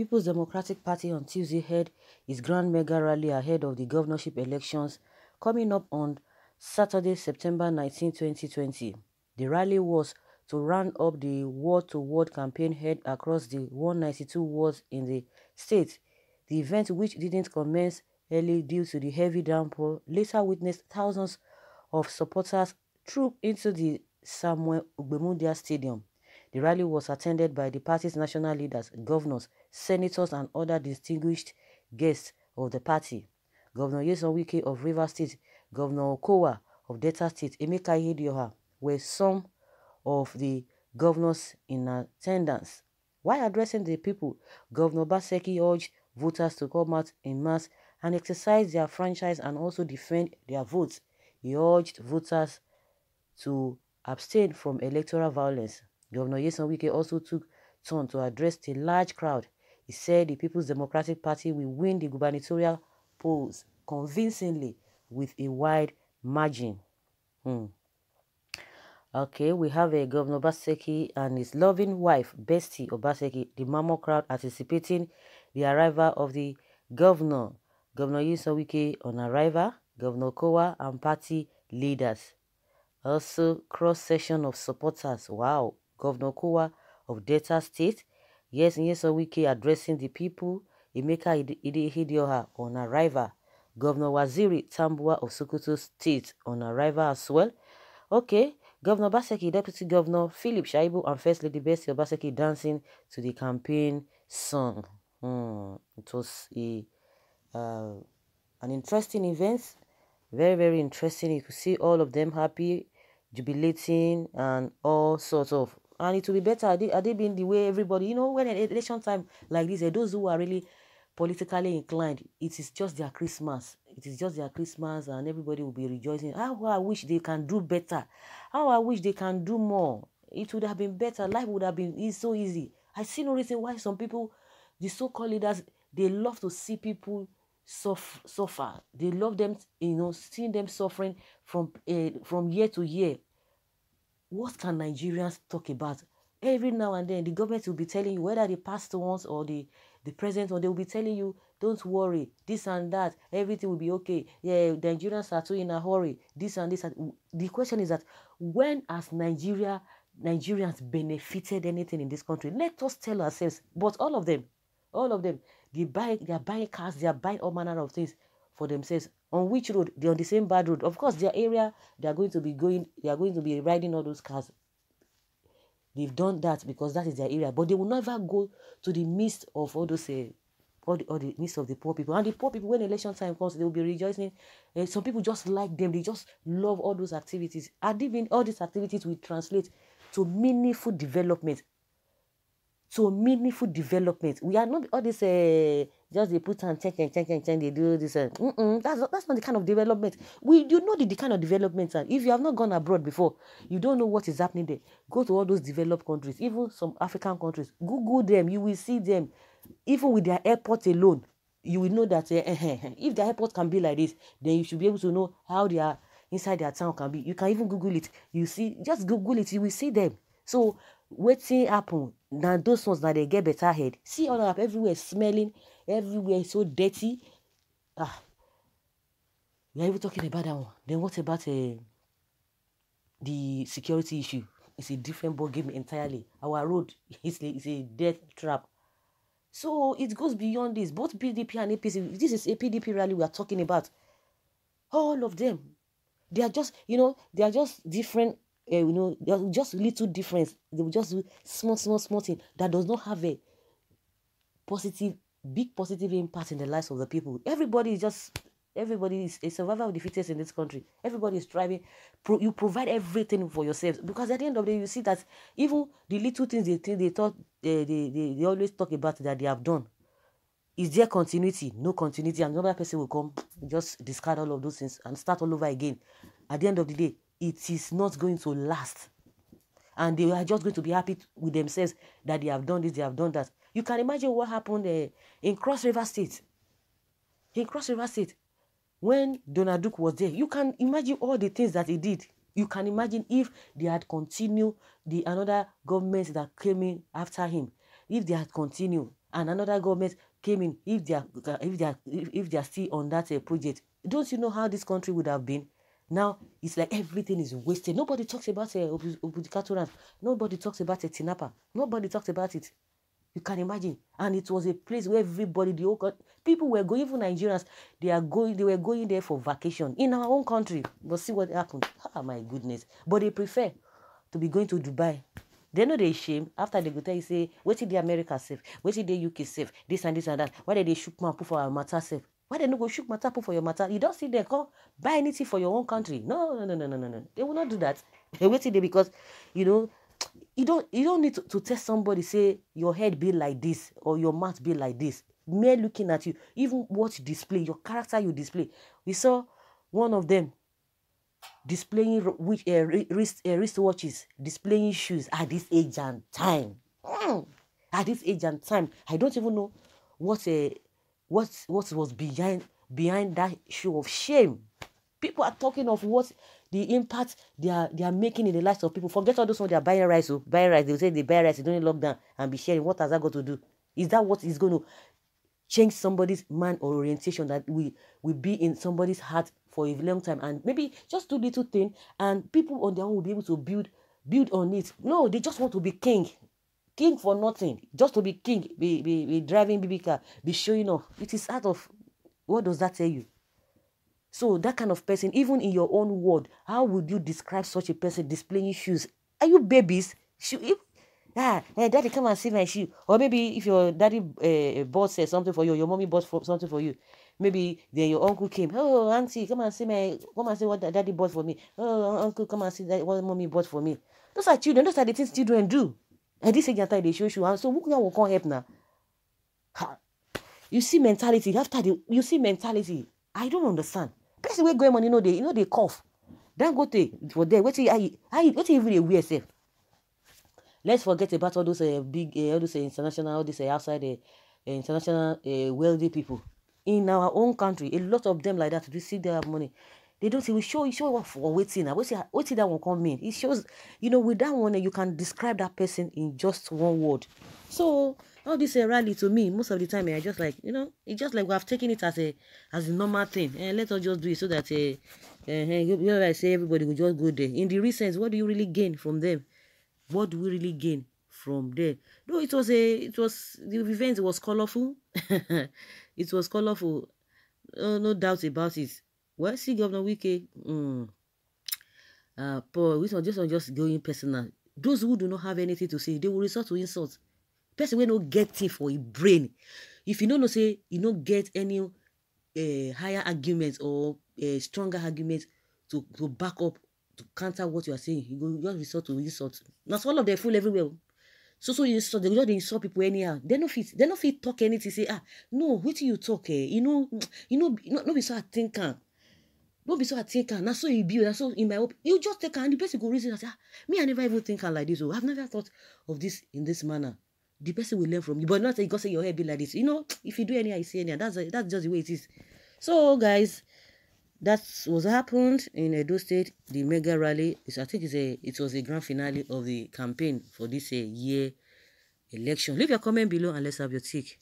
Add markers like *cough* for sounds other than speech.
People's Democratic Party on Tuesday held its grand mega rally ahead of the governorship elections coming up on Saturday, September 19, 2020. The rally was to round up the word-to-word campaign head across the 192 wards in the state. The event, which didn't commence early due to the heavy downpour, later witnessed thousands of supporters troop into the Samuel Ogbemundia Stadium the rally was attended by the party's national leaders, governors, senators and other distinguished guests of the party. Governor Yeson Wike of Rivers State, Governor Okowa of Delta State, Emeka Hidioha, were some of the governors in attendance. While addressing the people, Governor Baseki urged voters to come out in mass and exercise their franchise and also defend their votes. He urged voters to abstain from electoral violence. Governor Yeson Wike also took turn to address a large crowd. He said the People's Democratic Party will win the gubernatorial polls convincingly with a wide margin. Hmm. Okay, we have a uh, Governor Obaseki and his loving wife, Bestie Obaseki, the mammal crowd anticipating the arrival of the governor, Governor Yusawike on arrival, Governor Kowa and party leaders. Also, cross-section of supporters, wow, Governor Kowa of Delta State. Yes, Nyeso Wike addressing the people, Emeka Hidioha on arrival, Governor Waziri Tambua of Sokoto State on arrival as well. Okay, Governor Baseki, Deputy Governor Philip Shaibu, and First Lady Bessie Baseki dancing to the campaign song. Hmm, it was a uh, an interesting event, very very interesting. You could see all of them happy, jubilating, and all sorts of and it will be better. Are they, are they being the way everybody, you know, when an election time like this, eh, those who are really politically inclined, it is just their Christmas. It is just their Christmas, and everybody will be rejoicing. How I wish they can do better. How I wish they can do more. It would have been better. Life would have been so easy. I see no reason why some people, the so-called leaders, they love to see people suffer. suffer. They love them, you know, seeing them suffering from uh, from year to year what can Nigerians talk about? Every now and then, the government will be telling you, whether the past ones or the, the present ones, they will be telling you, don't worry, this and that, everything will be okay. Yeah, the Nigerians are too in a hurry, this and this. And... The question is that when has Nigeria, Nigerians benefited anything in this country? Let us tell ourselves, but all of them, all of them, they buy, they are buying cars, they are buying all manner of things for themselves on which road they're on the same bad road of course their area they are going to be going they are going to be riding all those cars they've done that because that is their area but they will never go to the midst of all those uh, all the, all the midst of the poor people and the poor people when election time comes they will be rejoicing uh, some people just like them they just love all those activities and even all these activities will translate to meaningful development to meaningful development we are not all these uh, just they put and check and check and check, they do this. And, mm-mm, that's, that's not the kind of development. We You know the, the kind of development. And if you have not gone abroad before, you don't know what is happening there. Go to all those developed countries, even some African countries. Google them, you will see them. Even with their airport alone, you will know that uh, if the airport can be like this, then you should be able to know how their inside their town can be. You can even Google it. You see, just Google it, you will see them. So wetin happen na those ones na dey get better head see all of everywhere smelling everywhere so dirty ah we are even talking about that one then what about uh, the security issue it's a different ball game entirely our road *laughs* is a, is a death trap so it goes beyond this both pdp and apc this is a pdp rally we are talking about all of them they are just you know they are just different uh, you know, just little difference. They will just do small, small, small thing that does not have a positive, big positive impact in the lives of the people. Everybody is just, everybody is a survivor of the fittest in this country. Everybody is striving. Pro, you provide everything for yourselves because at the end of the day, you see that even the little things they think they thought they, they, they, they always talk about that they have done. Is there continuity? No continuity. Another person will come, just discard all of those things and start all over again. At the end of the day, it is not going to last. And they are just going to be happy with themselves that they have done this, they have done that. You can imagine what happened uh, in Cross River State. In Cross River State, when Donald Duke was there, you can imagine all the things that he did. You can imagine if they had continued the another government that came in after him, if they had continued and another government came in, if they are if they are if they are still on that uh, project, don't you know how this country would have been? Now it's like everything is wasted. Nobody talks about eh, uh, Obudikatorans. Nobody talks about a Tinapa. Nobody talks about it. You can imagine. And it was a place where everybody, the whole people were going, even Nigerians, they are going, they were going there for vacation in our own country. But see what happened. Oh my goodness. But they prefer to be going to Dubai. They know they shame. After they go tell you say, wait till the America safe, wait till the UK safe, this and this and that. Why did they shoot my put for our matter safe? Why they no go shook matter put for your matter? You don't see they call buy anything for your own country. No, no, no, no, no, no, no. They will not do that. *laughs* They wait till they because you know *tsk* you don't you don't need to, to tell somebody say your head be like this or your mouth be like this. Mere looking at you, even what you display, your character you display. We saw one of them displaying which uh, wrist uh, wristwatches, displaying shoes at this age and time. Mm. At this age and time, I don't even know what a eh, what, what was behind, behind that show of shame. People are talking of what the impact they are they are making in the lives of people. Forget all those ones they are buying rice. Oh, buy rice. They will say they buy rice during lockdown and be sharing. What has that got to do? Is that what is going to change somebody's mind or orientation that will will be in somebody's heart for a long time? And maybe just do little thing, and people on their own will be able to build build on it. No, they just want to be king king for nothing, just to be king, be, be, be driving BB car, be showing off. It is out of what does that tell you? So that kind of person, even in your own world, how would you describe such a person displaying shoes? Are you babies? Shoe, if, ah, hey, eh, daddy, come and see my shoe. Or maybe if your daddy uh, bought said eh, something for you, your mommy bought for, something for you. Maybe then your uncle came. Oh, auntie, come and see my, come and see what daddy bought for me. Oh, uncle, come and see that, what mommy bought for me. Those are children. Those are the things children do. And this agent they show show. Ah, so who can not help now? Ha. You see mentality. After the you see mentality. I don't understand. Person where going money, you know they you know they cough. Then go to for there. What I I what even a wear self. Let's forget about all those uh, big uh, all those uh, international all these uh, outside uh, international uh, wealthy people. In our own country, a lot of them like that. They see their money. they don't say we show you show what for waiting now wetin wetin that one come mean it shows you know with that one eh, you can describe that person in just one word so all this uh, rally to me most of the time eh, i just like you know it's just like we have taken it as a as a normal thing and let us just do it so that uh, uh, you know i say everybody will just go there in the recent what do you really gain from them what do we really gain from there no it was a it was the event was colorful *laughs* it was colorful uh, no doubt about it Well, see, Governor Wike, mm, uh, Paul, this one just on just going personal. Those who do not have anything to say, they will resort to insults. Person will not get it for a e brain. If you don't know, say you don't get any uh, higher arguments or uh, stronger arguments to, to back up to counter what you are saying, you go just resort to insult. That's all of them fool everywhere. so so you saw they just insult people anyhow they no fit they no fit talk anything say ah no wetin you talk eh you know you know no be so i thinking no be so i take am na so e be o na so in my hope you just take am and the person go reason and say ah me i never even think am like this o oh. i have never thought of this in this manner the person will learn from you but not say you go say your hair be like this you know if you do any I see any, that's that's just the way it is so guys that was happened in Edo State. The mega rally is, I think, it's a it was a grand finale of the campaign for this uh, year election. Leave your comment below and let's have your take.